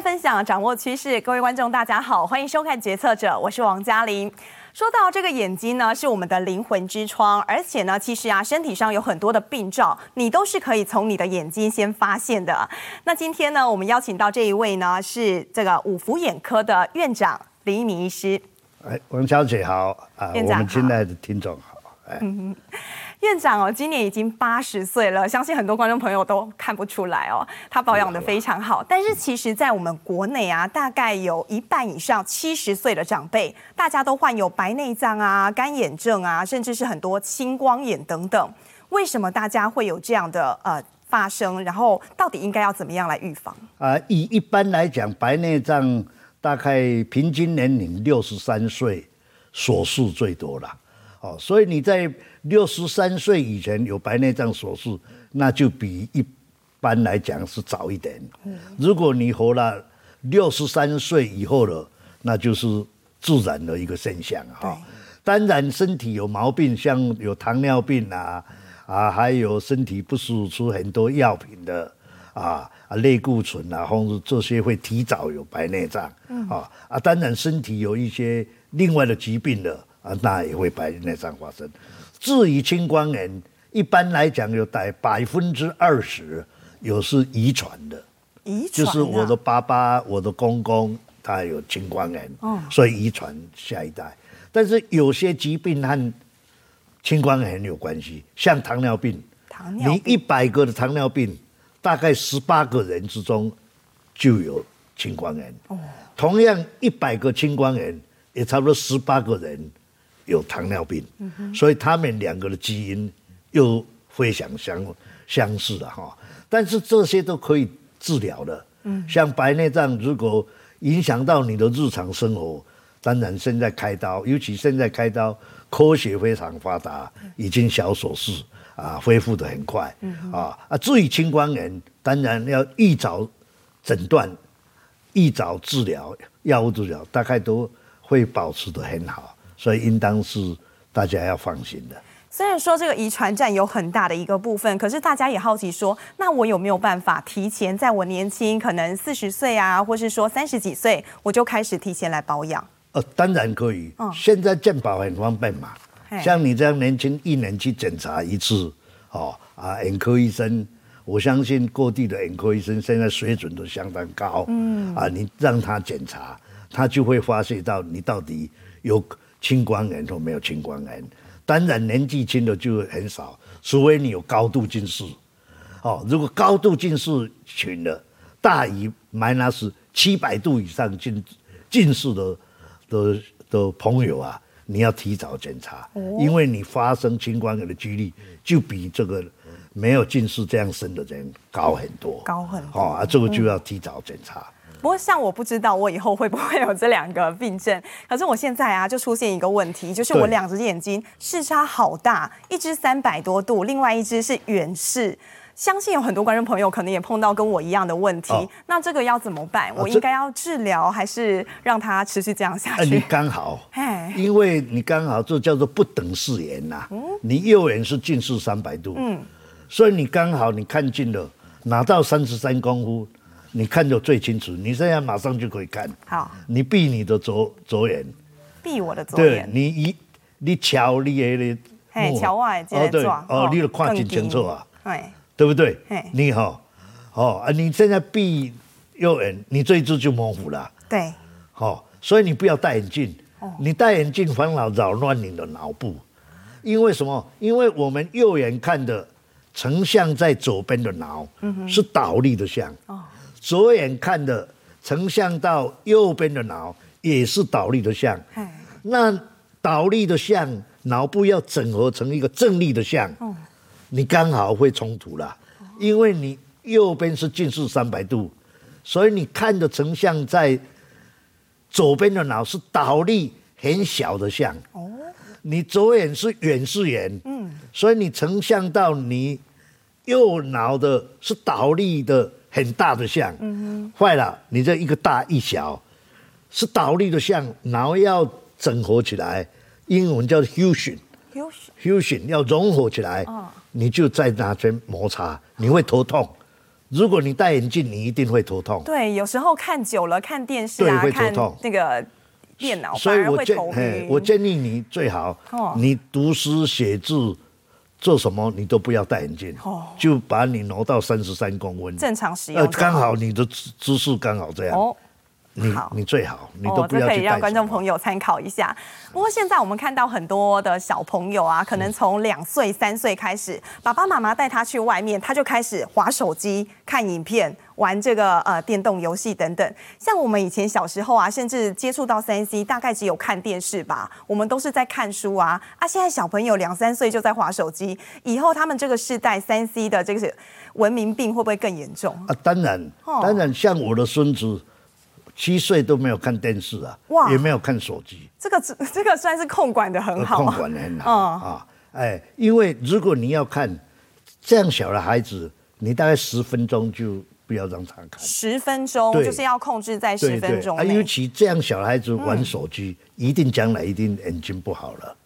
分享掌握趨勢，各位觀眾大家好，歡迎收看《決策者》，我是王嘉玲。說到這個眼睛呢，是我們的靈魂之窗，而且呢，其實啊，身體上有很多的病灶，你都是可以從你的眼睛先發現的。那今天呢，我們邀請到這一位呢，是這個五福眼科的院長林逸民醫師。哎，王小姐好啊，呃、好我們親愛的聽眾好。嗯院長哦，今年已經八十歲了，相信很多觀眾朋友都看不出來哦，他保養得非常好。啊、但是其實，在我們國內啊，大概有一半以上七十歲的長輩，大家都患有白內障啊、乾眼症啊，甚至是很多青光眼等等。為什麼大家會有這樣的呃發生？然後到底應該要怎麼樣來預防？啊、呃，以一般來講，白內障大概平均年齡六十三歲，所述最多了。哦，所以你在六十三歲以前有白內障手術，那就比一般來講是早一點。嗯、如果你活了六十三歲以後了，那就是自然的一個現象啊。對當然，身體有毛病，像有糖尿病啊，啊，還有身體不舒服出很多藥品的啊啊，類固醇啊，或者這些會提早有白內障啊、嗯、啊。當然，身體有一些另外的疾病的。啊，那也會白內障發生。至於青光眼，一般來講有大概百分之二十，有是遺傳的，遺傳、啊、就是我的爸爸、我的公公他有青光眼，哦，所以遺傳下一代。但是有些疾病和青光眼有關係，像糖尿病，糖尿病你一百個的糖尿病，大概十八個人之中就有青光眼。哦，同樣一百個青光眼，也差不多十八個人。有糖尿病，嗯、哼所以他們兩個的基因又非常相相似了，啊、哈。但是這些都可以治療的，嗯，像白內障如果影響到你的日常生活，當然現在開刀，尤其現在開刀，科學非常發達，已經小手術啊，恢復的很快啊。嗯、哼啊，至於青光眼，當然要一早診斷，一早治療，藥物治療，大概都會保持的很好。所以應當是大家要放心的。雖然說這個遺傳佔有很大的一個部分，可是大家也好奇說，那我有沒有辦法提前，在我年輕，可能四十歲啊，或是說三十幾歲，我就開始提前來保養？呃、哦，當然可以。哦、現在健保很方便嘛，嘿像你這樣年輕，一年去檢查一次，哦啊，眼科醫生，我相信各地的眼科醫生現在水準都相當高。嗯，啊，你讓他檢查，他就會發現到你到底有。青光眼，都沒有青光眼。當然年紀輕的就很少，除非你有高度近視。哦，如果高度近視群的，大於嘛，那是七百度以上近近視的，的的朋友啊，你要提早檢查，哦、因為你發生青光眼的幾率就比這個沒有近視這樣深的人高很多。高很多、哦、啊，這個就要提早檢查。嗯不過像我不知道我以後會不會有這兩個病症，可是我現在啊就出現一個問題，就是我兩隻眼睛視差好大，對一隻三百多度，另外一隻是遠視。相信有很多觀眾朋友可能也碰到跟我一樣的問題，哦、那這個要怎麼辦？我應該要治療這還是讓它持續這樣下去？啊、你剛好，嘿因為你剛好這叫做不等視眼吶、啊，嗯、你右眼是近視三百度，嗯、所以你剛好你看近了，拿到三十三公分。你看得最清楚，你現在馬上就可以看。好，你閉你的左左眼，閉我的左眼。對，你一你瞧，你哎，嘿，瞧外。哦對哦，你都看清楚啊，對，對不對？你好，好啊，你現在閉右眼，你這一隻就模糊了。對，好，所以你不要戴眼鏡，你戴眼鏡反而擾亂你的腦部，因為什麼？因為我們右眼看的成像在左邊的腦，是倒立的像。哦。左眼看的成像到右邊的腦也是倒立的像，那倒立的像腦部要整合成一個正立的像，你剛好會衝突了，因為你右邊是近視三百度，所以你看的成像在左邊的腦是倒立很小的像，你左眼是遠視眼，所以你成像到你右腦的是倒立的。很大的像壞、嗯、哼了，你這一個大一小，是倒立的像，然後要整合起來，英文叫 fusion，要融合起來，哦、你就在那邊摩擦，你會頭痛。哦、如果你戴眼鏡，你一定會頭痛。對，有時候看久了看電視啊，會頭痛看那個電腦，所以我建我建議你最好，哦、你讀詩寫字。做什麼你都不要戴眼鏡，oh. 就把你挪到三十三公分，正常使用，剛好你的姿姿勢剛好這樣。Oh. 你好，你最好，哦、你都不要這可以讓觀眾朋友參考一下。不過現在我們看到很多的小朋友啊，是可能從兩歲、三歲開始，是爸爸媽媽帶他去外面，他就開始滑手機、看影片、玩這個呃電動遊戲等等。像我們以前小時候啊，甚至接觸到三 C，大概只有看電視吧，我們都是在看書啊。啊，現在小朋友兩三歲就在滑手機，以後他們這個世代三 C 的這個文明病會不會更嚴重啊？當然，當然，像我的孫子。哦七歲都沒有看電視啊，哇也沒有看手機。這個這這個算是控管的很好，控管的很好啊、嗯哦。哎，因為如果你要看這樣小的孩子，你大概十分鐘就不要讓他看。十分鐘對就是要控制在十分鐘內、啊、尤其這樣小孩子玩手機，嗯、一定將來一定眼睛不好了。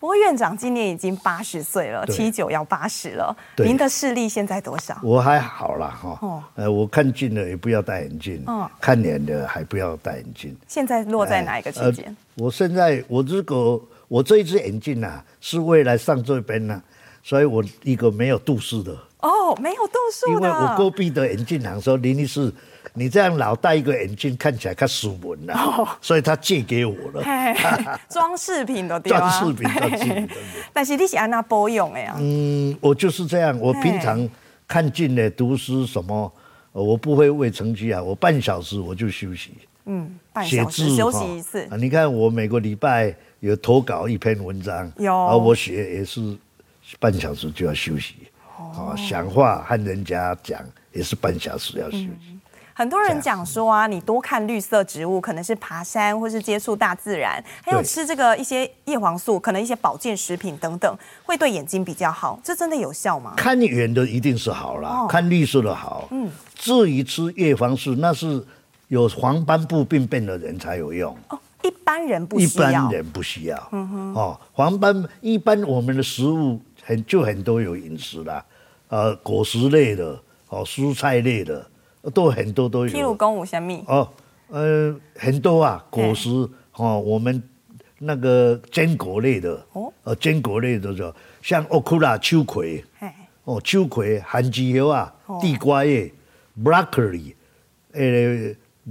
不過院長今年已經八十歲了，七九對要八十了。對您的視力現在多少？我還好啦哈。哦、呃，我看近的也不要戴眼鏡，哦、看遠的還不要戴眼鏡。現在落在哪一個區間、呃、我現在，我如果我這一只眼鏡吶、啊，是未來上這邊呢、啊，所以我一個沒有度數的。哦，沒有度數，因為我隔壁的眼鏡行說林醫師。你這樣老戴一個眼鏡，看起來較斯文了、啊 oh. 所以他借給我了。裝飾、hey, 品的裝飾品借的。 但是你是安怎保養的呀、啊？嗯，我就是這樣。我平常看診呢、讀書什麼 Hey.、哦，我不會為成績啊。我半小時我就休息。嗯，半小時、哦、休息一次。啊，你看我每個禮拜有投稿一篇文章，有然後我寫也是半小時就要休息。Oh. 哦、想講話和人家講也是半小時要休息。嗯很多人講說啊，樣你多看綠色植物，可能是爬山或是接觸大自然，對還有吃這個一些葉黃素，可能一些保健食品等等，會對眼睛比較好。這真的有效嗎？看遠的一定是好啦，哦，看綠色的好。嗯，至於吃葉黃素，那是有黃斑部病變的人才有用。哦，一般人不，需要，一般人不需要。嗯哼，哦，黃斑一般我們的食物很就很多有飲食啦，呃，果實類的，哦，蔬菜類的。都有很多都有，譬如公五蝦米，哦，呃，很多啊，果實嘿哦，我們那個堅果類的哦，堅果類的，哦，類的就是、像歐庫拉秋葵，嘿哦，秋葵、含姬油啊、哦、地瓜葉、broccoli，呃，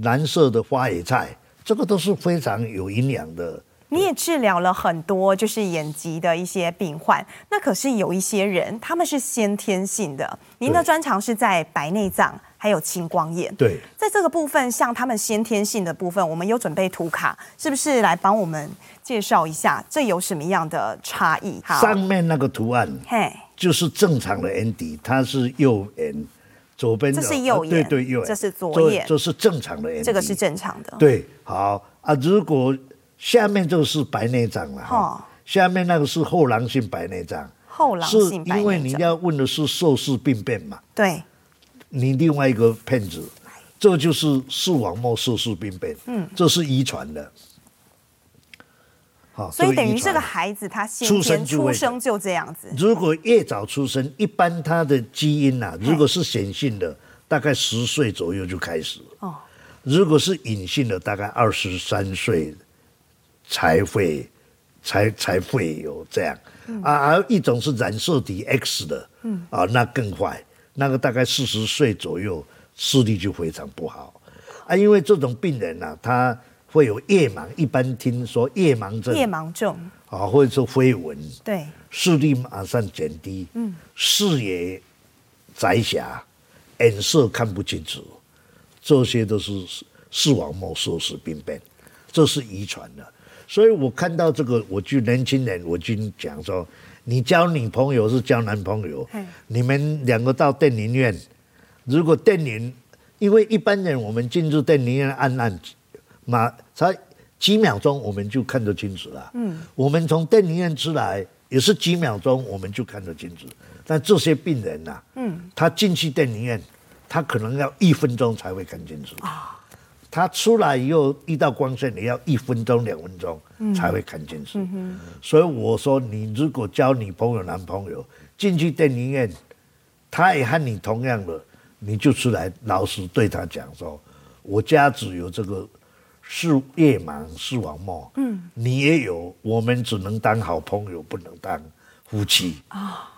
藍色的花椰菜，這個都是非常有營養的。你也治療了很多就是眼疾的一些病患，那可是有一些人他們是先天性的。您的專長是在白內障還有青光眼。對，在這個部分，像他們先天性的部分，我們有準備圖卡，是不是來幫我們介紹一下這有什麼樣的差異？好，上面那個圖案，嘿，就是正常的眼底，他是右眼，左邊這是右眼，對對右眼，這是左眼，這是正常的眼底，這個是正常的。對，好啊，如果。下面這個是白內障了，哈、哦。下面那個是後囊性白內障。後囊性白內障因為你要問的是色素病變嘛？對。你另外一個片子，這就是視網膜色素病變。嗯，這是遺傳的。好、哦，所以等於這個孩子，孩子他先天出生就這樣子。如果越早出生，嗯、一般他的基因啊，如果是顯性的，嗯、大概十歲左右就開始。哦、如果是隱性的，大概二十三歲。才會才才會有這樣、嗯、啊，而一種是染色體 X 的，嗯啊，那更壞，那個大概四十歲左右視力就非常不好啊，因為這種病人呢、啊，他會有夜盲，一般聽說夜盲症、夜盲症啊，或者說飛蚊，對，視力馬上減低，嗯，視野窄狹，眼色看不清楚，這些都是視網膜色素病變，這是遺傳的。所以我看到這個，我就年輕人，我就講說：你交女朋友是交男朋友，嘿你們兩個到電影院，如果電影，因為一般人我們進入電影院按按，他幾秒鐘我們就看得清楚了。嗯、我們從電影院出來也是幾秒鐘我們就看得清楚。但這些病人吶、啊，嗯、他進去電影院，他可能要一分鐘才會看清楚。哦他出來以後遇到光線，你要一分鐘兩分鐘才會看清楚。嗯嗯、所以我說，你如果交女朋，朋友、男朋友進去電影院，他也和你同樣的，你就出來老實對他講說：“我家只有這個是夜盲視網膜，嗯、你也有，我們只能當好朋友，不能當夫妻。哦”啊。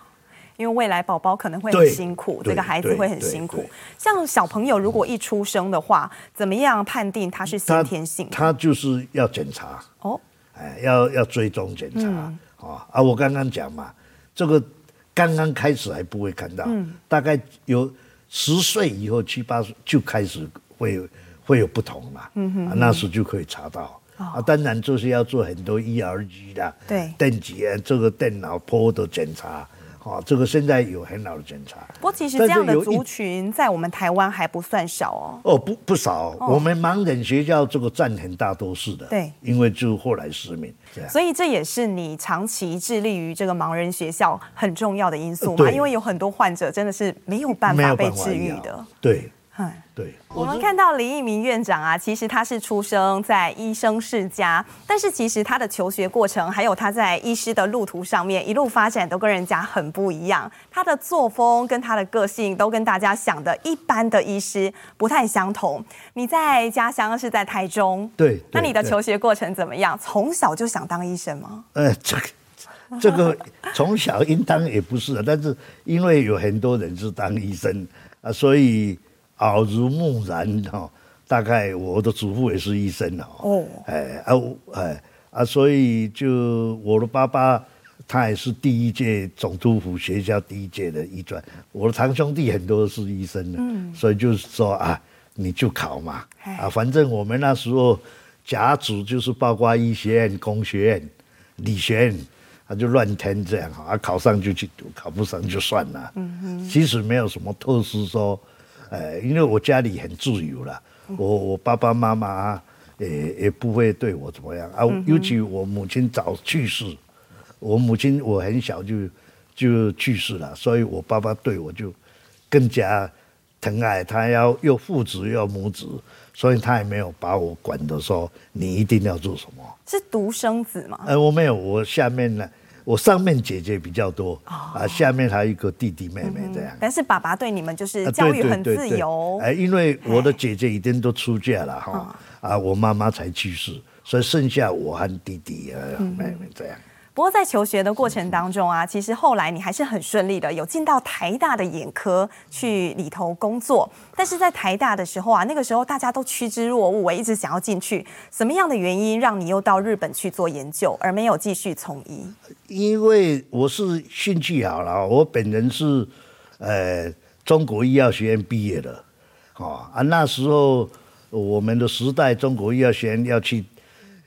因為未來寶寶可能會很辛苦，這個孩子會很辛苦。像小朋友如果一出生的話，怎麼樣判定他是先天性？他就是要檢查哦，哎，要要追蹤檢查啊啊！我剛剛講嘛，這個剛剛開始還不會看到，大概有十歲以後七八歲就開始會會有不同了，嗯哼，那時就可以查到啊。當然就是要做很多 ERG 的，對，電級呃，做個電腦波的檢查。啊，這個現在有很好的檢查。不過，其實這樣的族群在我們台灣還不算少哦。哦，不不少，哦、我們盲人學校這個占很大多數的。對，因為就後來失明。啊、所以這也是你長期致力於這個盲人學校很重要的因素嘛，呃、對因為有很多患者真的是沒有辦法被治癒的。對。對，我，我們看到林逸民院長啊，其實他是出生在醫生世家，但是其實他的求學過程，還有他在醫師的路途上面一路發展，都跟人家很不一樣。他的作風跟他的個性，都跟大家想的一般的醫師不太相同。你在家鄉是在台中，對？對對，那你的求學過程怎麼樣？從小就想當醫生嗎？呃，這個這個從小應當也不是啊，但是因為有很多人是當醫生啊，所以。耳濡目染哦，大概我的祖父也是醫生哦，哎啊哎啊，所以就我的爸爸他也是第一屆總督府學校第一屆的醫專，我的堂兄弟很多是醫生的，所以就是說啊，你就考嘛，啊，反正我們那時候甲組，就是包括醫學院、工學院、理學院，他就亂填這樣啊，考上就去讀，考不上就算了，嗯哼，其實沒有什麼特殊說。因為我家裡很自由啦，我我爸爸媽媽也也不會對我怎麼樣啊。尤其我母親早去世，我母親我很小就就去世了，所以我爸爸對我就更加疼愛，他要又父子又要母子，所以他也沒有把我管得說你一定要做什麼。是獨生子嗎？哎、呃，我沒有，我下面呢。我上面姐姐比較多，啊，下面還有一個弟弟妹妹這樣，嗯。但是爸爸對你們就是教育很自由，哎、啊，因為我的姐姐已經都出嫁了哈，嘿啊，我媽媽才去世，所以剩下我和弟弟，哎、妹妹這樣。不過在求學的過程當中啊，其實後來你還是很順利的，有進到台大的眼科去裡頭工作。但是在台大的時候啊，那個時候大家都趨之若鶩，我一直想要進去。什麼樣的原因讓你又到日本去做研究，而沒有繼續從醫？因為我是興趣好了，我本人是呃中國醫藥學院畢業的，好啊，那時候我們的時代，中國醫藥學院要去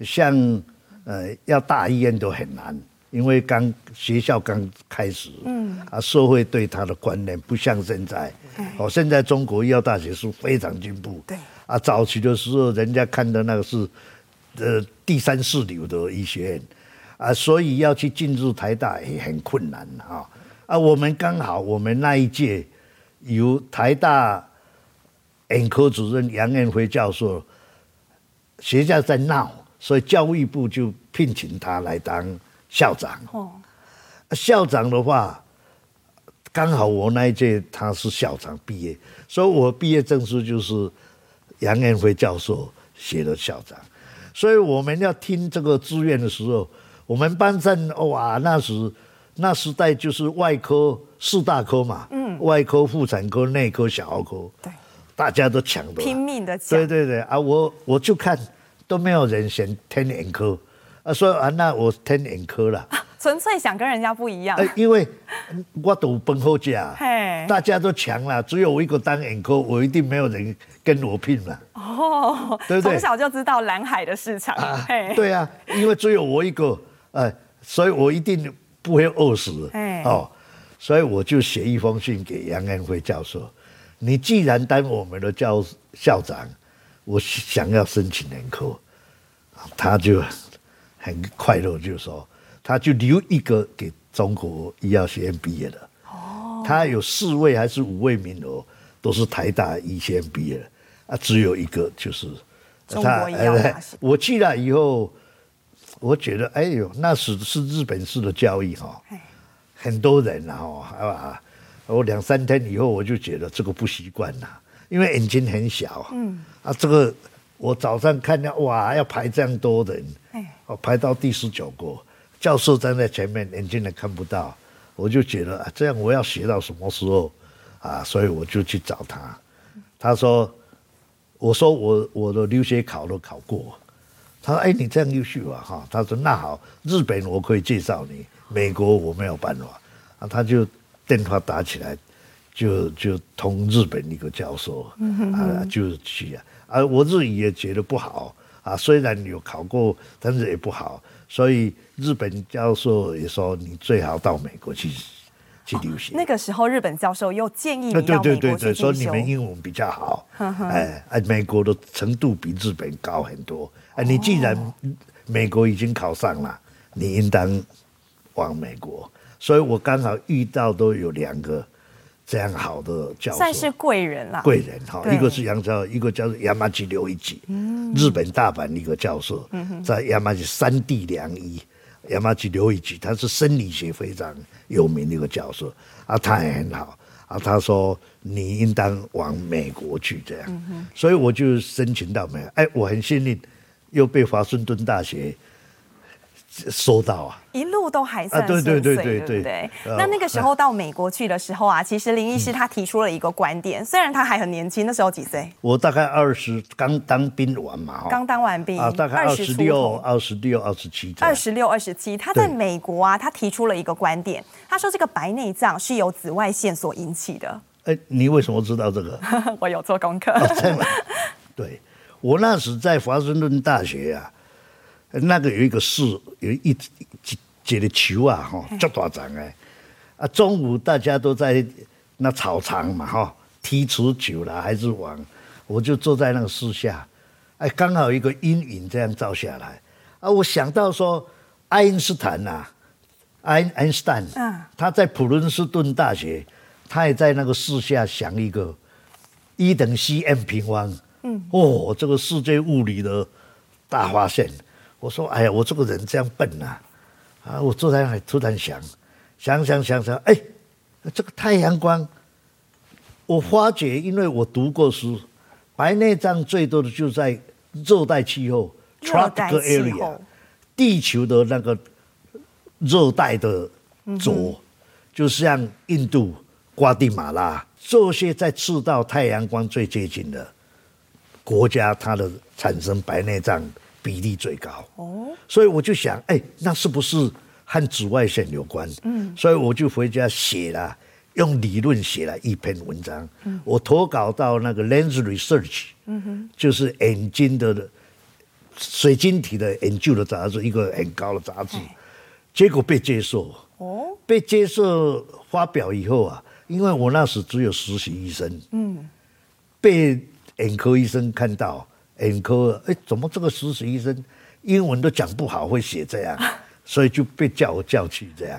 向。像呃，要大醫院都很難，因為剛學校剛開始，嗯，啊，社會對他的觀念不像現在。哦對，現在中國醫藥大學是非常進步。對。啊，早期的時候，人家看的那個是，呃，第三四流的醫學院，啊，所以要去進入台大也很困難啊、哦。啊，我們剛好，我們那一屆由台大，眼科主任楊彥輝教授，學校在鬧。所以教育部就聘請他來當校長。哦，校長的話，剛好我那一屆他是校長畢業，所以我畢業證書就是楊延輝教授寫的校長。所以我們要聽這個志願的時候，我們班上哇，那時那時代就是外科四大科嘛，嗯，外科、婦產科、內科、小兒科，對，大家都搶着、啊、拼命的搶，對對對啊，我我就看。都沒有人選填眼科，啊，所以啊，那我填眼科了，純粹想跟人家不一樣。因為我讀本科家，嘿大家都強了，只有我一個當眼科，我一定沒有人跟我拼了。哦，對不對？從小就知道藍海的市場，啊嘿對啊，因為只有我一個，呃、所以我一定不會餓死。哎嘿，哦，所以我就寫一封信給楊安輝教授，你既然當我們的教校長。我想要申請聯考，他就很快樂就是，就說他就留一個給中國醫藥學院畢業的。哦，他有四位還是五位名額，都是台大醫學院畢業的，啊，只有一個就是中國醫藥大學、啊。我去了以後，我覺得哎呦，那時是日本式的教育哈，很多人啊啊，我兩三天以後我就覺得這個不習慣了、啊。因為眼睛很小，嗯，啊，這個我早上看到哇，要排這樣多人，哎，哦，排到第十九個，教授站在前面，眼睛也看不到，我就覺得，啊，這樣我要學到什麼時候啊？所以我就去找他，他說，我說我我的留學考都考過，他說哎，你這樣優秀啊哈，哦，他說那好，日本我可以介紹你，美國我沒有辦法，啊，他就電話打起來。就就同日本一個教授，啊，就是去啊，我自己也覺得不好啊，雖然有考過，但是也不好，所以日本教授也說你最好到美國去、哦、去旅行。那個時候，日本教授又建議你、啊、對，對，對對對，說你們英文比較好，呵呵哎哎、啊，美國的程度比日本高很多。哎，你既然美國已經考上了，你應當往美國。所以我剛好遇到都有兩個。這樣好的教授算是貴人了。貴人，哈對，一個是叫一個叫做ヤマキ留一吉，嗯、日本大阪的一個教授，在ヤマキ三地良醫，ヤマキ留一吉，他是生理學非常有名的一個教授，啊，他也很好，啊，他說你應當往美國去這樣，嗯、哼所以我就申請到美，哎，我很幸運，又被華盛頓大學。收到啊，一路都還算對對對對對，對不對？那那個時候到美國去的時候啊，其實林醫師他提出了一個觀點，雖然他還很年輕。那時候幾歲？我大概二十剛當兵完嘛，剛當完兵啊，大概二十六、二十六、二十七。二十六、二十七，他在美國啊，他提出了一個觀點，他說這個白內障是由紫外線所引起的。哎，你為什麼知道這個？我有做功課。對，我那時在華盛頓大學啊。那個有一個樹，有一幾幾的球啊，哈、哦，好、哎、大只哎！啊，中午大家都在那草場嘛，哈、哦，踢足球了還是玩，我就坐在那個樹下，哎，剛好一個陰影這樣照下來，啊，我想到說愛因斯坦吶、啊，愛因愛因斯坦，嗯、他在普林斯頓大學，他也在那個樹下想一個一等 C M 平方，嗯、哦，這個世界物理的大發現。我說：“哎呀，我這個人這樣笨吶、啊！啊，我坐在那突然想，想想想想，哎，這個太陽光，我發覺，因為我讀過書，白內障最多的就是在熱帶氣候 tropical area 地球的那個熱帶的左，嗯、哼就像印度、瓜地馬拉這些在赤道太陽光最接近的國家，它的產生白內障。”比例最高哦，所以我就想，哎、欸，那是不是和紫外線有關？嗯，所以我就回家寫了，用理論寫了一篇文章。嗯、我投稿到那個 Lens Research，就是眼睛的水晶體的研究的雜誌，一個很高的雜誌。結果被接受，被接受發表以後啊，因為我那時只有實習醫生，嗯、被眼科醫生看到。眼科，哎，怎麼這個實習醫生英文都講不好，會寫這樣？ 所以就被叫我叫去這樣，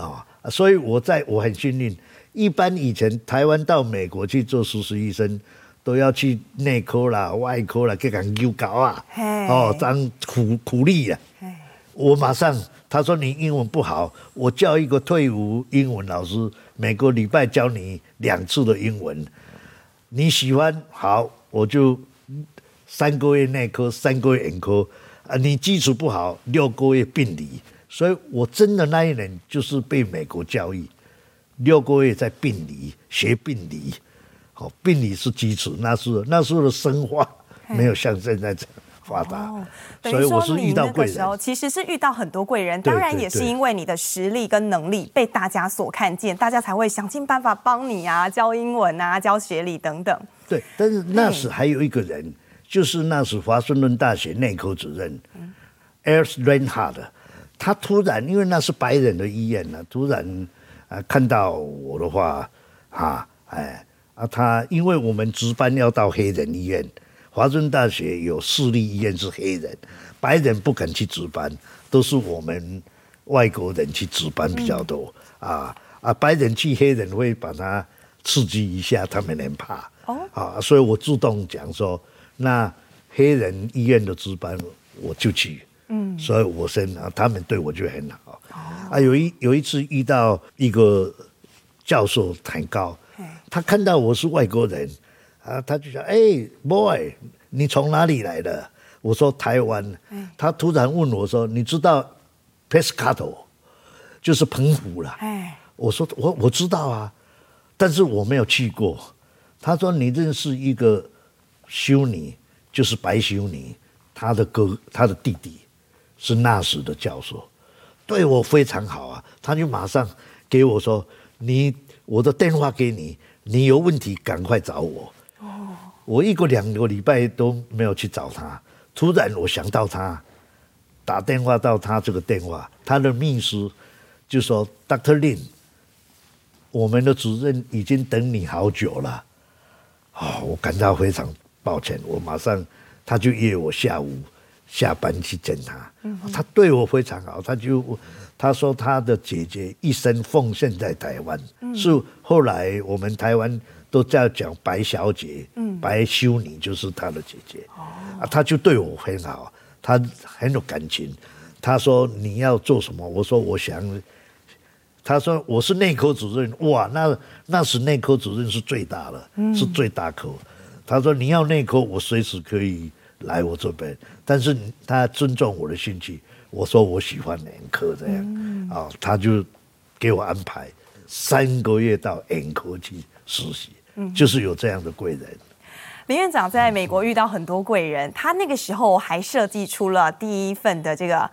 啊、哦，所以我在我很幸運，一般以前台灣到美國去做實習醫生，都要去內科啦、外科啦，給人丟搞啊，Hey. 哦，當苦苦力呀、啊。Hey. 我馬上他說你英文不好，我叫一個退伍英文老師，每個禮拜教你兩次的英文，你喜歡好我就。三個月內科，三個月眼科，啊，你基礎不好，六個月病理，所以我真的那一年就是被美國教育，六個月在病理，學病理，好、哦，病理是基礎，那時候，那時候的生化沒有像現在這樣發達，哦、所以我是遇到貴人。你那個時候其實是遇到很多貴人，對當然也是因為你的實力跟能力被大，對被大家所看見，大家才會想盡辦法幫你啊，教英文啊，教學理等等。對，但是那時還有一個人。就是那是華盛頓大學內科主任 Ears Reinhart 他突然因為那是白人的醫院呢、啊，突然啊、呃、看到我的話，啊哎啊他因為我們值班要到黑人醫院，華盛頓大學有私立醫院是黑人，白人不肯去值班，都是我們外國人去值班比較多、嗯、啊啊白人去黑人會把他刺激一下，他們很怕哦啊，所以我主動講說。那黑人醫院的值班，我就去，嗯，所以我先，他們對我就很好。哦、啊，有一有一次遇到一個教授坦高，嘿他看到我是外國人，啊，他就講，哎、欸、，boy，你從哪裡來的？我說台灣。嗯嘿，他突然問我說，你知道 Pescado 就是澎湖啦？哎嘿，我說我我知道啊，但是我沒有去過。他說你認識一個。修尼就是白修尼，他的哥，他的弟弟，是那時的教授，對我非常好啊。他就馬上給我說：“你我的電話給你，你有問題趕快找我。”哦，我一個兩個禮拜都沒有去找他，突然我想到他，打電話到他這個電話，他的秘書就說、嗯、：“Dr. Lin，我們的主任已經等你好久了。哦”啊，我感到非常。抱歉，我馬上他就約我下午下班去見他。他對我非常好，他就他說他的姐姐一生奉獻在台灣，是後來我們台灣都這樣講白小姐，嗯，白修女就是他的姐姐。哦，啊，他就對我很好，他很有感情。他說，你要做什麼？我說我想。他說我是內科主任。哇，那那時內科主任是最大的，是最大科。他說：“你要內科，我隨時可以來我這邊，但是他尊重我的興趣。”我說：“我喜歡眼科，這樣啊。嗯哦”他就給我安排三個月到眼科去實習，嗯、就是有這樣的貴人。林院長在美國遇到很多貴人，嗯、他那個時候還設計出了第一份的這個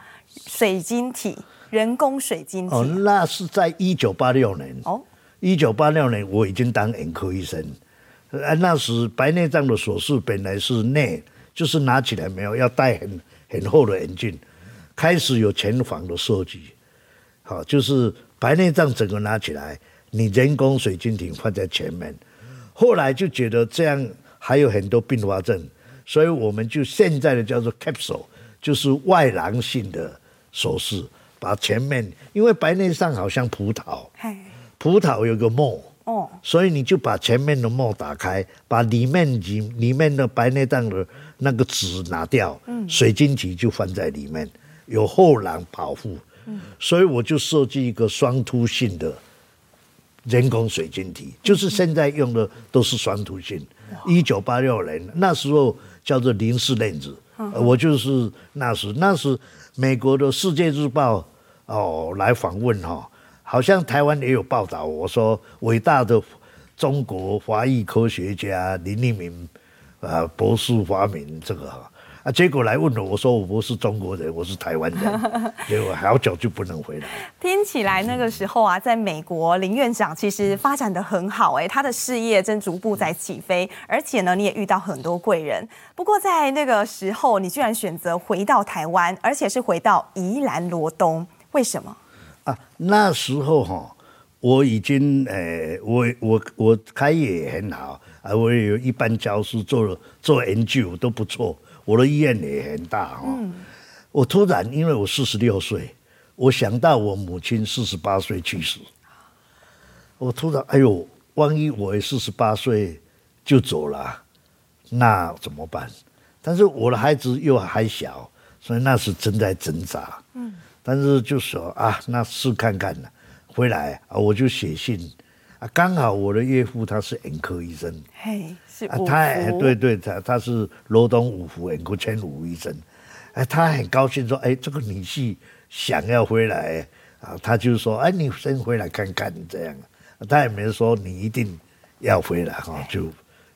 水晶體人工水晶體。哦、那是在一九八六年。哦，一九八六年我已經當眼科醫生。啊，那時白內障的手術本來是內，就是拿起來沒有，要戴很很厚的眼鏡。開始有前房的設計，好，就是白內障整個拿起來，你人工水晶體放在前面。後來就覺得這樣還有很多併發症，所以我們就現在的叫做 capsule，就是外囊性的手術，把前面，因為白內障好像葡萄，葡萄有個膜。哦，oh. 所以你就把前面的膜打開，把裡面幾裡，裡面的白內障的那個紙拿掉，嗯，水晶體就放在裡面，有後囊保護，嗯，所以我就設計一個雙凸性的，人工水晶體，就是現在用的都是雙凸性。一九八六年那時候叫做林氏 lens，我就是那時那時美國的世界日報哦來訪問哈。哦好像台灣也有報道，我說偉大的中國華裔科學家林逸民，啊，博士發明這個啊，啊，結果來問了，我說我不是中國人，我是台灣人，結果 好久就不能回來。聽起來那個時候啊，在美國林院長其實發展得很好、欸，哎，他的事業正逐步在起飛，而且呢，你也遇到很多貴人。不過在那個時候，你居然選擇回到台灣，而且是回到宜蘭羅東，為什麼？啊，那時候哈，我已經誒、呃，我我我開業也很好啊，我也有一般教師做了做研究，都不錯，我的醫院也很大哦。嗯、我突然，因為我四十六歲，我想到我母親四十八歲去世，我突然哎呦，萬一我四十八歲就走了，那怎麼辦？但是我的孩子又還小，所以那是正在掙扎。嗯。但是就說啊，那試看看的，回來啊，我就寫信啊，剛好我的岳父，他是眼科醫生，嘿，是啊，他也對對，他他是羅東五福眼科陳五福醫生，哎、啊，他很高興說，哎，這個女婿想要回來啊，他就說，哎，你先回來看看這樣，他也沒說你一定要回來哈、哦，就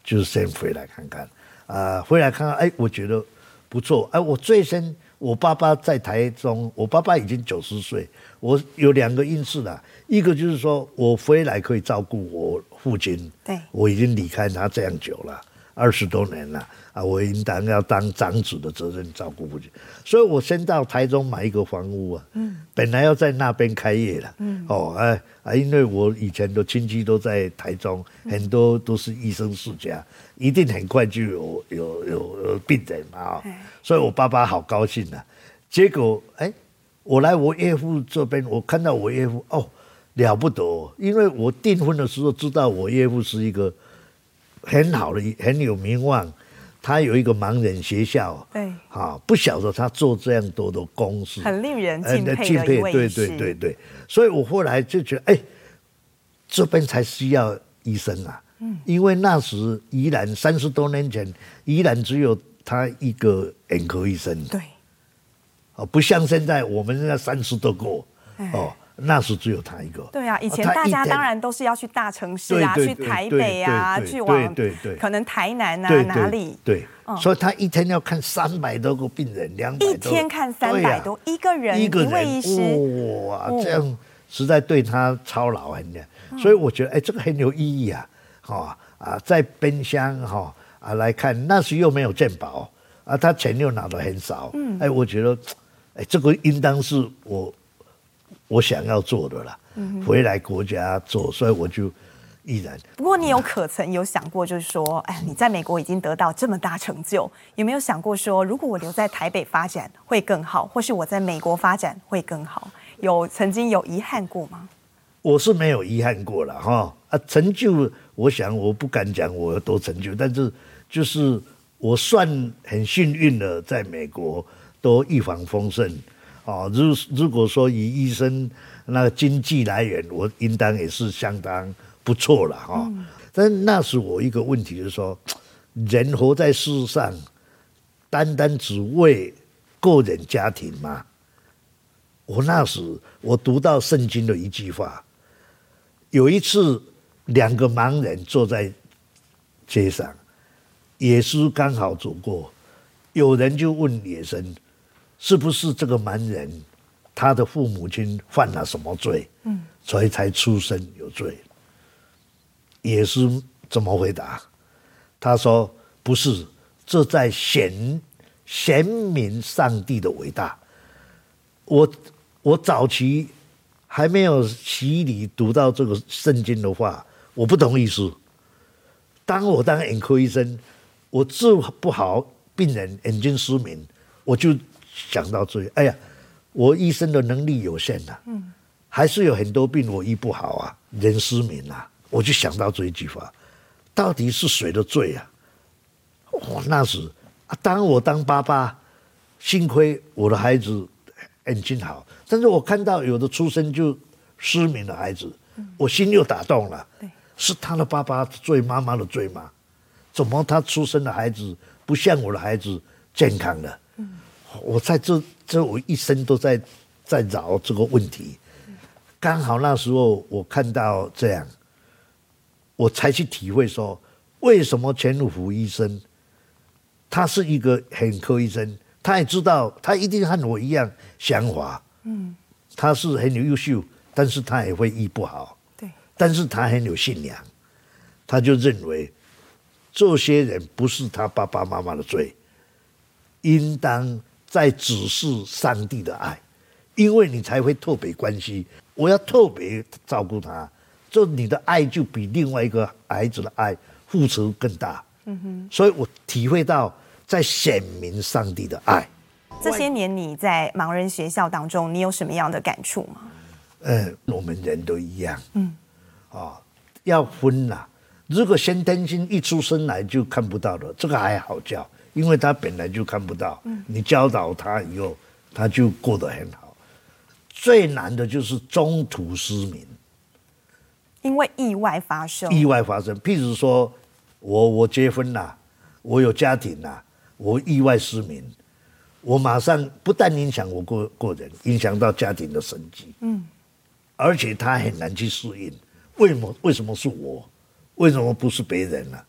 就先回來看看啊，回來看看，哎，我覺得不錯，哎、啊，我最先。我爸爸在台中，我爸爸已經九十歲。我有兩個因素啦，一個就是說我回來可以照顧我父親，對，我已經離開他這樣久了，二十多年了。啊，我應當要當長子的責任照顧父親，所以我先到台中買一個房屋啊。嗯。本來要在那邊開業了。嗯。哦，啊、哎，因為我以前的親戚都在台中，很多都是醫生世家，一定很快就有有有、有病人嘛啊、哦。嘿所以我爸爸好高興啊。結果，哎、我來我岳父這邊，我看到我岳父，哦，了不得、哦，因為我訂婚的時候知道我岳父是一個很好的、是很有名望。他有一個盲人學校，對、哦，不曉得他做這樣多的公事，很令人敬佩，一一、哎、敬佩對對對對，所以我後來就覺得，哎，這邊才需要醫生啊，嗯，因為那時宜蘭三十多年前，宜蘭只有他一個眼科醫生，對，啊、哦，不像現在我們現在三十多個，哎、哦。那時只有他一個。對啊，以前大家當然都是要去大城市啊，去台北啊，去玩可能台南啊哪裡。對，所以他一天要看三百多個病人，兩百多個，一天看三百多一個人，一位醫師哇，這樣實在對他操勞很了。所以我覺得，哎，這個很有意義啊，好啊，在偏鄉好，啊來看，那時又沒有健保，啊，他錢又拿得很少，嗯，哎，我覺得，哎，這個應當是我。我想要做的啦，嗯、哼回來國家做，所以我就毅然。不過，你有可曾有想過，就是說，哎，你在美國已經得到這麼大成就，有沒有想過說，如果我留在台北發展會更好，或是我在美國發展會更好？有曾經有遺憾過嗎？我是沒有遺憾過了哈啊！成就，我想我不敢講我有多成就，但是就是我算很幸運的，在美國都一帆風順。哦，如如果說以醫生那個經濟來源，我應當也是相當不錯了哈。嗯。但那時我一個問題就是說，人活在世上，單單只為個人家庭嗎？我那時我讀到聖經的一句話，有一次兩個盲人坐在街上，耶穌剛好走過，有人就問耶穌。是不是這個盲人，他的父母親犯了什麼罪？嗯、所以才出生有罪，耶穌怎麼回答？他說不是，這在顯顯明上帝的偉大。我我早期還沒有洗禮，讀到這個聖經的話，我不懂意思。當我當眼科醫生，我治不好病人眼睛失明，我就。想到最，哎呀，我醫生的能力有限吶、啊，嗯、還是有很多病我醫不好啊，人失明啊，我就想到這一句話，到底是誰的罪啊？我、哦、那時、啊，當我當爸爸，幸虧我的孩子眼睛好，但是我看到有的出生就失明的孩子，嗯、我心又打動了，對是他的爸爸罪，媽媽的罪嗎？怎麼他出生的孩子不像我的孩子健康的？嗯我在這這我一生都在在找這個問題，剛好那時候我看到這樣，我才去體會說為什麼陳五福醫生，他是一個眼科醫生，他也知道他一定和我一樣想法，嗯，他是很有優秀，但是他也會醫不好，對，但是他很有信仰，他就認為這些人不是他爸爸媽媽的罪，應當。在指示上帝的愛，因為你才會特別關心，我要特別照顧他，就你的愛就比另外一個孩子的愛付出更大。嗯哼，所以我體會到在顯明上帝的愛。這些年你在盲人學校當中，你有什麼樣的感觸嗎？嗯，我們人都一樣。嗯，啊，要分啦、啊。如果先天性一出生來就看不到了，這個還好教。因為他本來就看不到，你教導他以後，他就過得很好。最難的就是中途失明，因為意外發生。意外發生，譬如說我我結婚了、啊，我有家庭了、啊，我意外失明，我馬上不但影響我個個人，影響到家庭的生計，而且他很難去適應。為什麼？為什麼是我？為什麼不是別人呢、啊？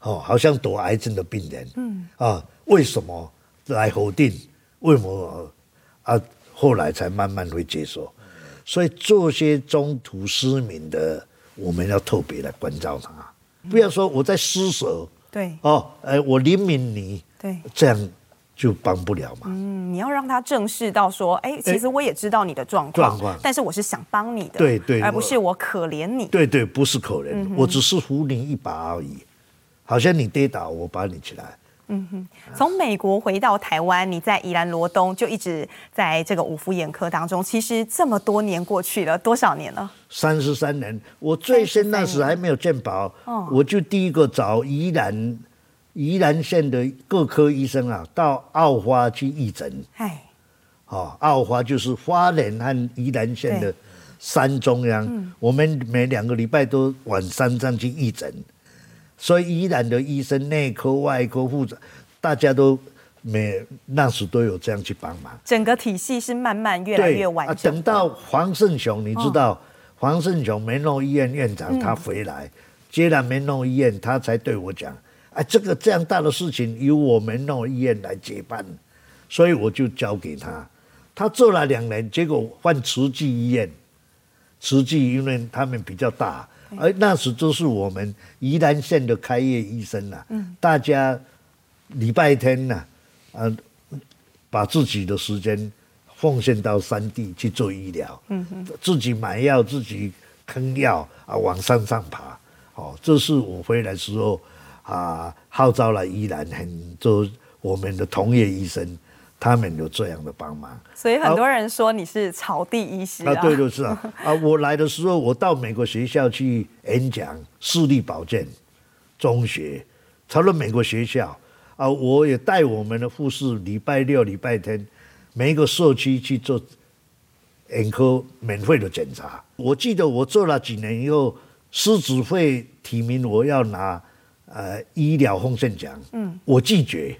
哦，好像得癌症的病人，嗯啊，為什麼來否定？為什麼啊？後來才慢慢會接受。所以做些中途失明的，我們要特別來關照他。不要說我在施捨，對、嗯、哦，哎、欸，我憐憫你，對，這樣就幫不了嘛。嗯，你要讓他正視到說，哎、欸，其實我也知道你的狀況，欸、但是我是想幫你的，對對，對而不是我可憐你。對對，不是可憐，嗯、哼我只是扶你一把而已。好像你跌倒，我把你起來。嗯哼，從美國回到台灣，你在宜蘭羅東就一直在這個五福眼科當中。其實這麼多年過去了，多少年了？三十三年。我最先那時還沒有健保，我就第一個找宜蘭宜蘭縣的各科醫生啊，到澳花去義診。哎唉，好，澳花就是花蓮和宜蘭縣的山中央。嗯，我們每兩個禮拜都往山上去義診。所以，宜蘭的醫生、內科、外科、護士，大家都每那時都有這樣去幫忙。整個體系是慢慢越來越完整，啊。等到黃勝雄，你知道，哦，黃勝雄門諾醫院院長，他回來，嗯、接了門諾醫院，他才對我講：“哎，這個這樣大的事情由我門諾醫院來接辦，所以我就交給他。他做了兩年，結果換慈濟醫院，慈濟醫院他們比較大。”而那時就是我們宜蘭縣的開業醫生吶、啊，大家禮拜天啊，把自己的時間奉獻到山地去做醫療，自己買藥、自己坑藥啊，往山上爬。哦，這是我回來之後啊，號召了宜蘭很多我們的同業醫生。他們有這樣的幫忙，所以很多人說，你是草地醫師啊，啊對，就是啊。 啊，我來的時候，我到美國學校去演講視力保健，中學，除了美國學校啊，我也帶我們的護士禮拜六、禮拜天每一個社區去做眼科免費的檢查。我記得我做了幾年以後，獅子會提名我要拿呃醫療奉獻獎，嗯，我拒絕。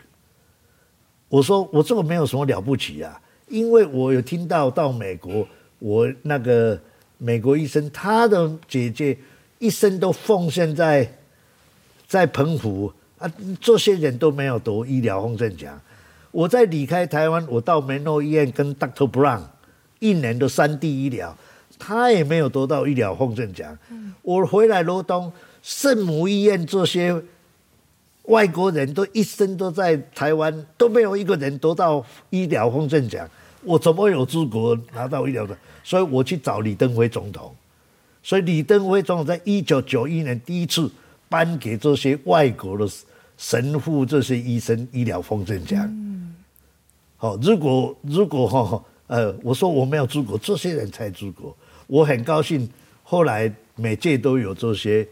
我說我這個沒有什麼了不起啊，因為我有聽到到美國，我那個美國醫生他的姐姐一生都奉獻在在澎湖啊，這些人都沒有得醫療奉獻獎。我在離開台灣，我到梅諾醫院跟 Dr. Brown 一年的三 D 醫療，他也沒有得到醫療奉獻獎。我回來羅東聖母醫院這些。外國人都一生都在台灣，都沒有一個人得到醫療奉獻獎。我怎麼有資格拿到醫療的？所以我去找李登輝總統。所以李登輝總統在一九九一年第一次頒給這些外國的神父、這些醫生醫療奉獻獎。好、嗯，如果如果哈呃，我說我沒有資格，這些人才資格。我很高興，後來每屆都有這些。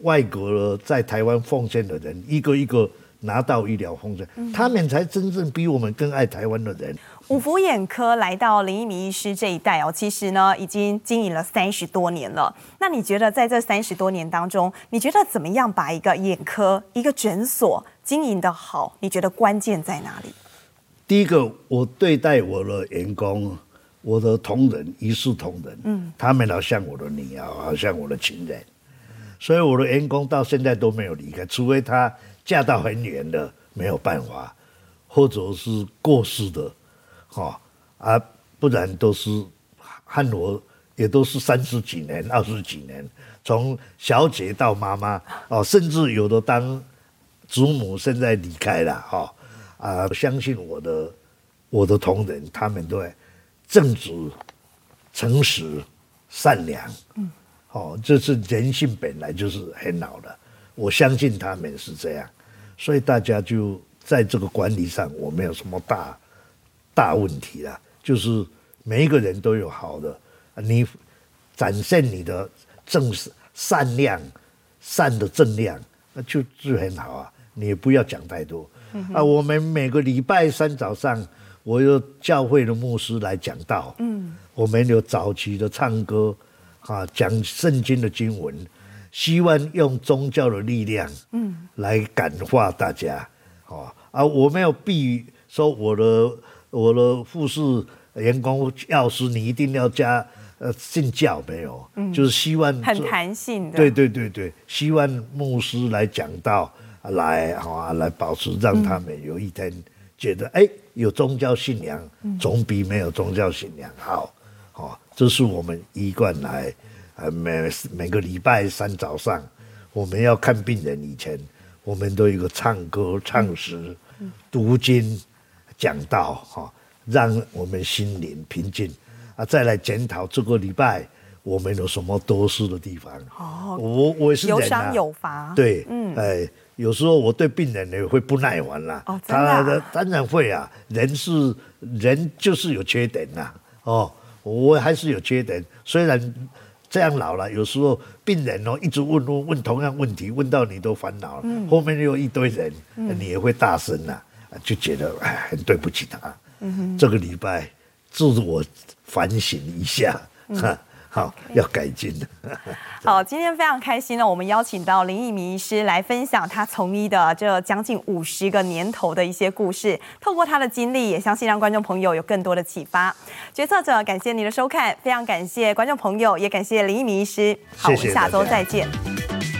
外國在台灣奉獻的人，一個一個拿到醫療奉獻，嗯、他們才真正比我們更愛台灣的人。五福眼科來到林逸民醫師這一代哦，其實呢已經經營了三十多年了。那你覺得在這三十多年當中，你覺得怎麼樣把一個眼科一個診所經營得好？你覺得關鍵在哪裡？第一個，我對待我的員工、我的同仁一視同仁，嗯，他們好像我的你啊，好像我的情人。所以我的員工到現在都沒有離開，除非她嫁到很遠的，沒有辦法，或者是過世的，哈、哦、啊，不然都是和我，也都是三十幾年、二十幾年，從小姐到媽媽哦，甚至有的當祖母，現在離開了哈、哦、啊，相信我的我的同仁，他們都會正直、誠實、善良。嗯。哦，這、就是人性本來就是很老的，我相信他們是這樣，所以大家就在這個管理上，我沒有什麼大大問題啦。就是每一個人都有好的，你展現你的正善量、善的正量，那就是很好啊。你也不要講太多、嗯、哼啊。我們每個禮拜三早上，我有教會的牧師來講道，嗯，我們有早期的唱歌。啊，講聖經的經文，希望用宗教的力量，嗯，來感化大家，好啊，嗯。我沒有逼說我的我的護士員工藥師，你一定要加呃信教沒有？嗯，就是希望很彈性的，對對對對，希望牧師來講道來，好啊，來保持讓他們有一天覺得哎，嗯，有宗教信仰，總比沒有宗教信仰好。這是我們一貫來，啊，每每個禮拜三早上，我們要看病人。以前我們都有個唱歌、唱詩、嗯嗯、讀經、講道、哈、哦，讓我們心靈平靜啊。再來檢討這個禮拜我們有什麼多事的地方。哦，我我也是、啊、有賞有罰。對，嗯，哎，有時候我對病人呢會不耐煩啦、啊。哦，真的、啊？當然會啊，人是人就是有缺點吶、啊，哦。我還是有缺點，雖然這樣老了，有時候病人哦一直問問問同樣問題，問到你都煩惱、嗯、後面又一堆人，嗯、你也會大聲吶、啊，就覺得唉很對不起他。嗯、哼這個禮拜自我反省一下，哈。嗯好，以要改進的。好，對今天非常開心呢，我們邀請到林逸民醫師來分享他從醫的這將近五十個年頭的一些故事。透過他的經歷，也相信讓觀眾朋友有更多的啟發。決策者，感謝您的收看，非常感謝觀眾朋友，也感謝林逸民醫師。謝謝，好，我們下周再見。嗯